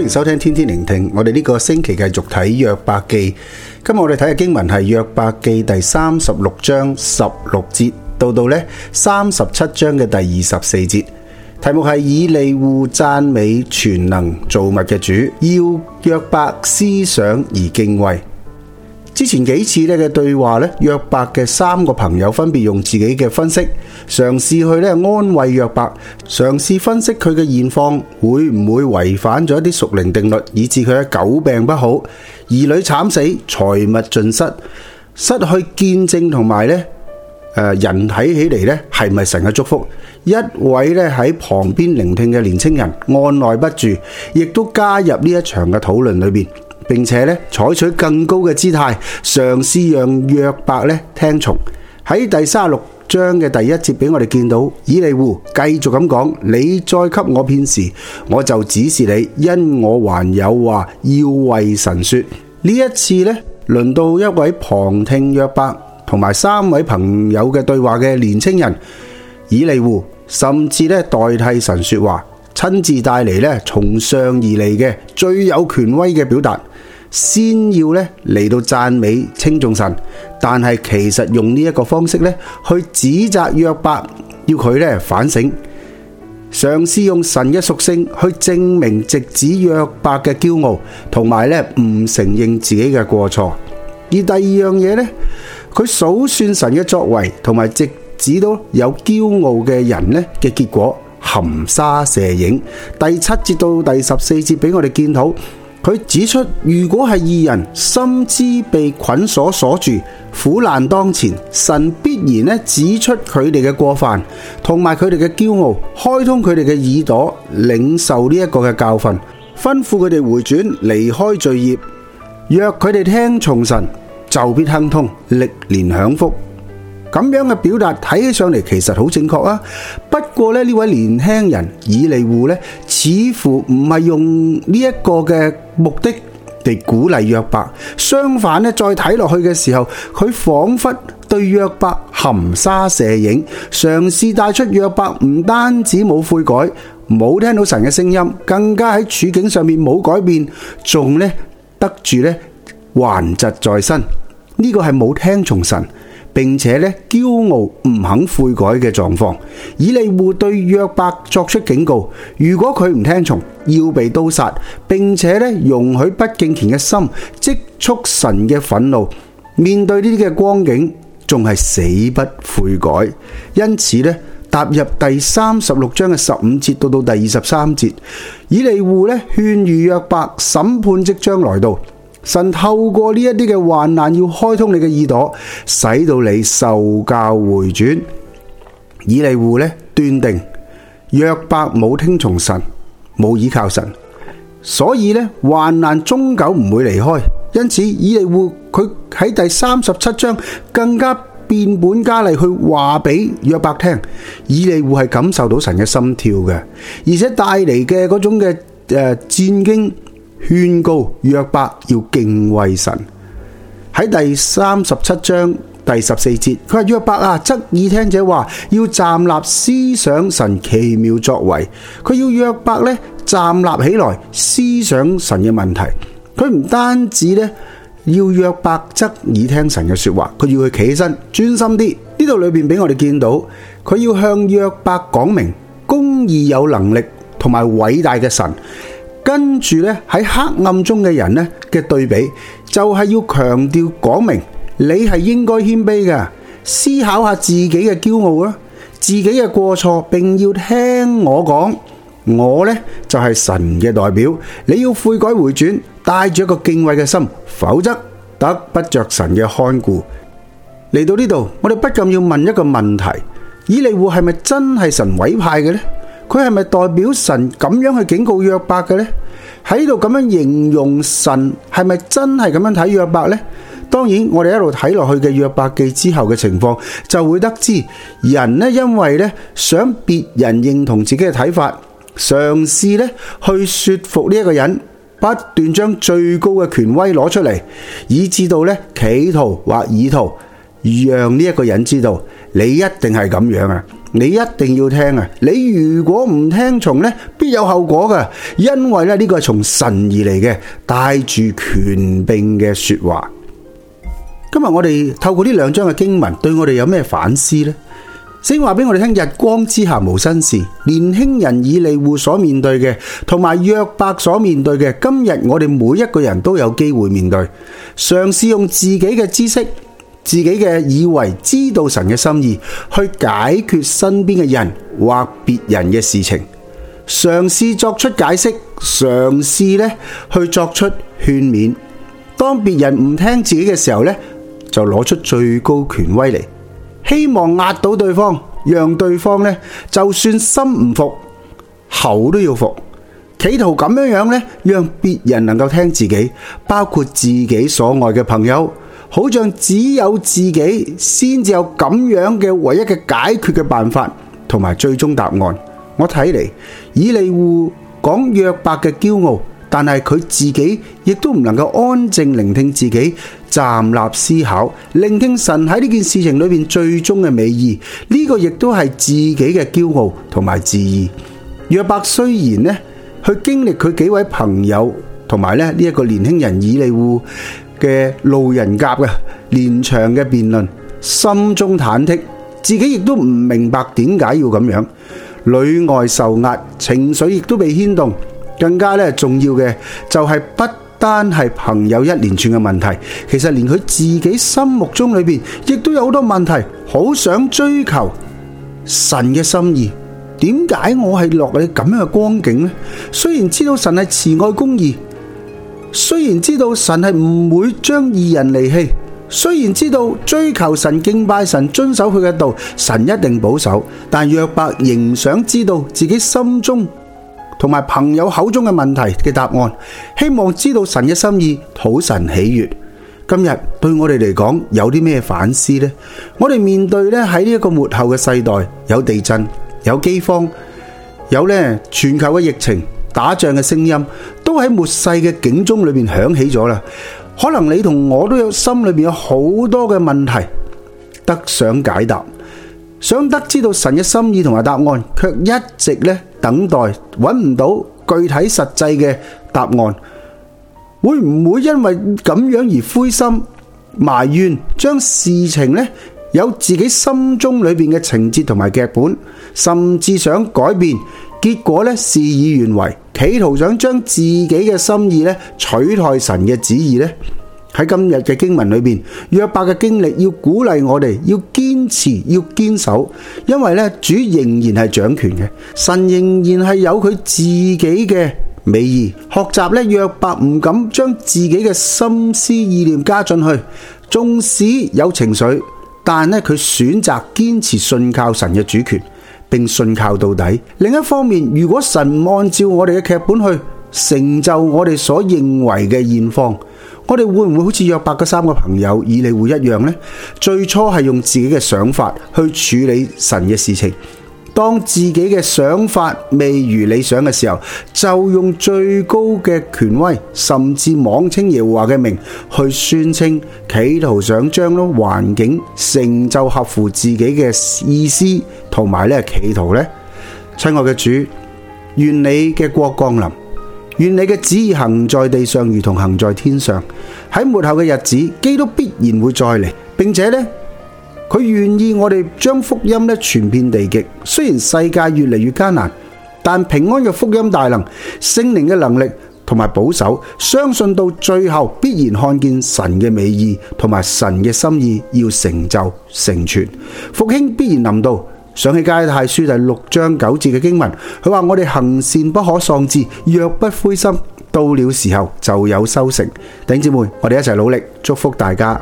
歡迎收聽天天聆聽，我哋呢個星期繼續睇約伯記，今日我哋睇嘅經文係約伯記第三十六章十六節到到呢三十七章嘅第二十四節，題目係以利戶讚美全能造物嘅主，要約伯思想而敬畏。之前幾次咧嘅對話咧，約伯嘅三個朋友分別用自己嘅分析，嘗試去咧安慰約伯，嘗試分析佢嘅現況會唔會違反咗一啲屬靈定律，以致佢嘅久病不好，兒女慘死，財物盡失，失去見證同埋咧誒，人睇起嚟咧係咪神嘅祝福？一位咧喺旁邊聆聽嘅年青人按捺不住，亦都加入呢一場嘅討論裏邊。並且，先要咧嚟到讚美稱頌神，但係其實用呢一個方式咧去指責約伯，要佢咧反省。嘗試用神嘅屬性去證明直指約伯嘅驕傲，同埋咧唔承認自己嘅過錯。而第二樣嘢咧，佢數算神嘅作為，同埋直指到有驕傲嘅人咧嘅結果，含沙射影。第七節到第十四節俾我哋見到。佢指出，如果係義人心知被捆鎖鎖住，苦難當前，神必然咧指出佢哋嘅過犯，同埋佢哋嘅驕傲，開通佢哋嘅耳朵，領受呢一個嘅教訓，吩咐佢哋回轉，離開罪孽。若佢哋聽從神，就必亨通，歷年享福。咁樣嘅表達睇起上嚟，其實好正確啊。不過咧，呢位年輕人以利戶呢。似乎唔係用呢一個嘅目的嚟鼓勵約伯，相反咧再睇落去嘅時候，佢仿佛對約伯含沙射影，嘗試帶出約伯唔單止冇悔改，冇聽到神嘅聲音，更加喺處境上面冇改變，仲咧得住咧頑疾在身，呢個係冇聽從神。並且咧驕傲唔肯悔改嘅狀況，以利戶對約伯作出警告，如果佢唔聽從，要被刀殺，並且咧容許不敬虔嘅心積蓄神嘅憤怒。面對呢啲嘅光景，仲係死不悔改。因此咧，踏入第三十六章嘅十五節到到第二十三節，以利戶咧勸喻約伯，審判即將來到。神透過呢一啲嘅患難，要開通你嘅耳朵，使到你受教回轉。以利戶咧斷定約伯冇聽從神，冇依靠神，所以咧患難終究唔會離開。因此，以利戶佢喺第三十七章更加變本加厲去話俾約伯聽。以利戶係感受到神嘅心跳嘅，而且帶嚟嘅嗰種嘅誒戰兢，勸告，約伯要敬畏神。跟住呢，喺黑暗中嘅人呢嘅對比，就係要強調講明，你係應該謙卑嘅，思考下自己嘅驕傲啦，自己嘅過錯，並要聽我講。我呢就係神嘅代表，你要悔改回轉，帶住一個敬畏嘅心，否則得不着神嘅看顧。嚟到呢度，我哋不禁要問一個問題：以利戶係咪真係神委派嘅呢？佢係咪代表神咁樣去警告約伯嘅呢？喺度咁樣形容神，係咪真係咁樣睇約伯呢？當然，我哋一路睇落去嘅約伯記之後嘅情況，就會得知人呢，因為呢，想別人認同自己嘅睇法，嘗試呢，去說服呢一個人，不斷將最高嘅權威攞出嚟，以至到呢，企圖或意圖讓呢一個人知道你一定係咁樣啊！你一定要聽啊！你如果唔聽從咧，必有後果㗎，因為咧呢個係從神而嚟嘅，帶住權柄嘅說話。今日我哋透過呢兩章嘅經文，對我哋有咩反思呢？先話俾我哋聽：日光之下無新事，年輕人以利戶所面對嘅，同埋約伯所面對嘅，今日我哋每一個人都有機會面對。嘗試用自己嘅知識。自己嘅以為知道神嘅心意，去解決身邊嘅人或別人嘅事情，嘗試作出解釋，嘗試咧去作出勸勉。當別人唔聽自己嘅時候咧，就攞出最高權威嚟，希望壓到對方，讓對方咧就算心唔服，口都要服，企圖咁樣樣咧，讓別人能夠聽自己，包括自己所愛嘅朋友。好像只有自己先至有咁樣嘅唯一嘅解決嘅辦法同埋最終答案。我睇嚟，以利戶講約伯嘅驕傲，但係佢自己亦都唔能夠安靜聆聽自己站立思考，聆聽神喺呢件事情裏面最終嘅美意。呢個亦都係自己嘅驕傲同埋自義。約伯雖然呢，去經歷佢幾位朋友同埋呢呢一個年輕人以利戶嘅路人甲啊，連場嘅辯論，心中忐忑，自己亦都唔明白點解要咁樣，裏外受壓，情緒亦都被牽動，更加咧重要嘅就係不單係朋友一連串嘅問題，其實連佢自己心目中裏邊亦都有好多問題，好想追求神嘅心意，點解我係落喺咁樣嘅光景呢？雖然知道神係慈愛公義。雖然知道神都喺末世嘅警鐘裏面響起咗啦，可能你同我都有心裏面有好多嘅問題，得想解答，想得知到神嘅心意同埋答案，卻一直咧等待，搵唔到具體實際嘅答案，會唔會因為咁樣而灰心埋怨，將事情呢有自己心中裏面嘅情節同埋劇本，甚至想改變，結果呢，事與願違，企圖想將自己嘅心意取代神嘅旨意呢。喺今日嘅經文裏面，約伯嘅經歷要鼓勵我哋，要堅持，要堅守。因為主仍然係掌權嘅，神仍然係有佢自己嘅美意。學習約伯唔敢將自己嘅心思意念加進去，縱使有情緒，但佢選擇堅持信靠神嘅主權。並信靠到底。另一方面，如果神唔按照我哋嘅劇本去成就我哋所認為嘅現況，我哋會唔會好似約伯嘅三個朋友以利戶一樣呢？最初係用自己嘅想法去處理神嘅事情。當自己嘅想法未如理想嘅時候，就用最高嘅權威，甚至妄稱耶和華嘅名去宣稱，企圖想將咯環境成就合乎自己嘅意思，同埋咧企圖呢，親愛嘅主，願你嘅國降臨，願你嘅旨意行在地上，如同行在天上。喺末後嘅日子，基督必然會再嚟，並且呢。佢願意我哋將福音咧傳遍地極，雖然世界越嚟越艱難，但平安嘅福音大能，聖靈嘅能力同埋保守，相信到最後必然看見神嘅美意同埋神嘅心意要成就成全，復興必然臨到。想起加拉太書第六章九節嘅經文，佢話：我哋行善不可喪志，若不灰心，到了時候就有收成。頂姊妹，我哋一齊努力，祝福大家。